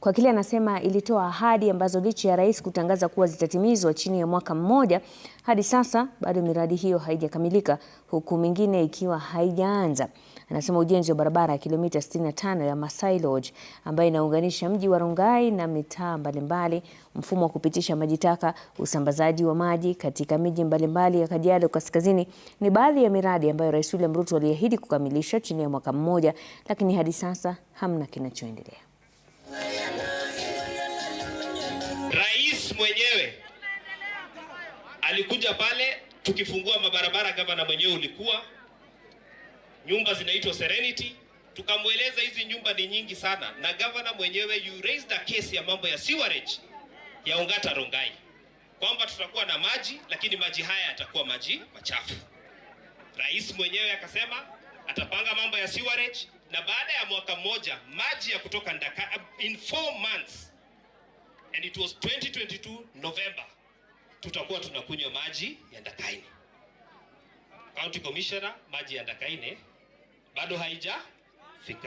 kwa kile anasema ilitoa ahadi ambazo licha ya rais kutangaza kuwa zitatimizwa chini ya mwaka mmoja, hadi sasa bado miradi hiyo haijakamilika huku mingine ikiwa haijaanza. Anasema ujenzi wa barabara ya kilomita 65 ya Masai Lodge ambayo inaunganisha mji wa Rongai na mitaa mbalimbali, mfumo wa kupitisha maji taka, usambazaji wa maji katika miji mbalimbali ya Kajiado Kaskazini ni baadhi ya miradi ambayo Rais William Ruto aliahidi kukamilisha chini ya mwaka mmoja, lakini hadi sasa hamna kinachoendelea. mwenyewe alikuja pale tukifungua mabarabara, gavana mwenyewe ulikuwa, nyumba zinaitwa Serenity. Tukamweleza hizi nyumba ni nyingi sana, na gavana mwenyewe you raised a case ya mambo ya sewerage ya Ongata Rongai kwamba tutakuwa na maji lakini maji haya yatakuwa maji machafu. Rais mwenyewe akasema atapanga mambo ya sewerage, na baada ya mwaka mmoja maji ya kutoka Ndaka, in four months and it was 2022 November tutakuwa tunakunywa maji ya Ndakaine. County Commissioner, maji ya Ndakaine bado haija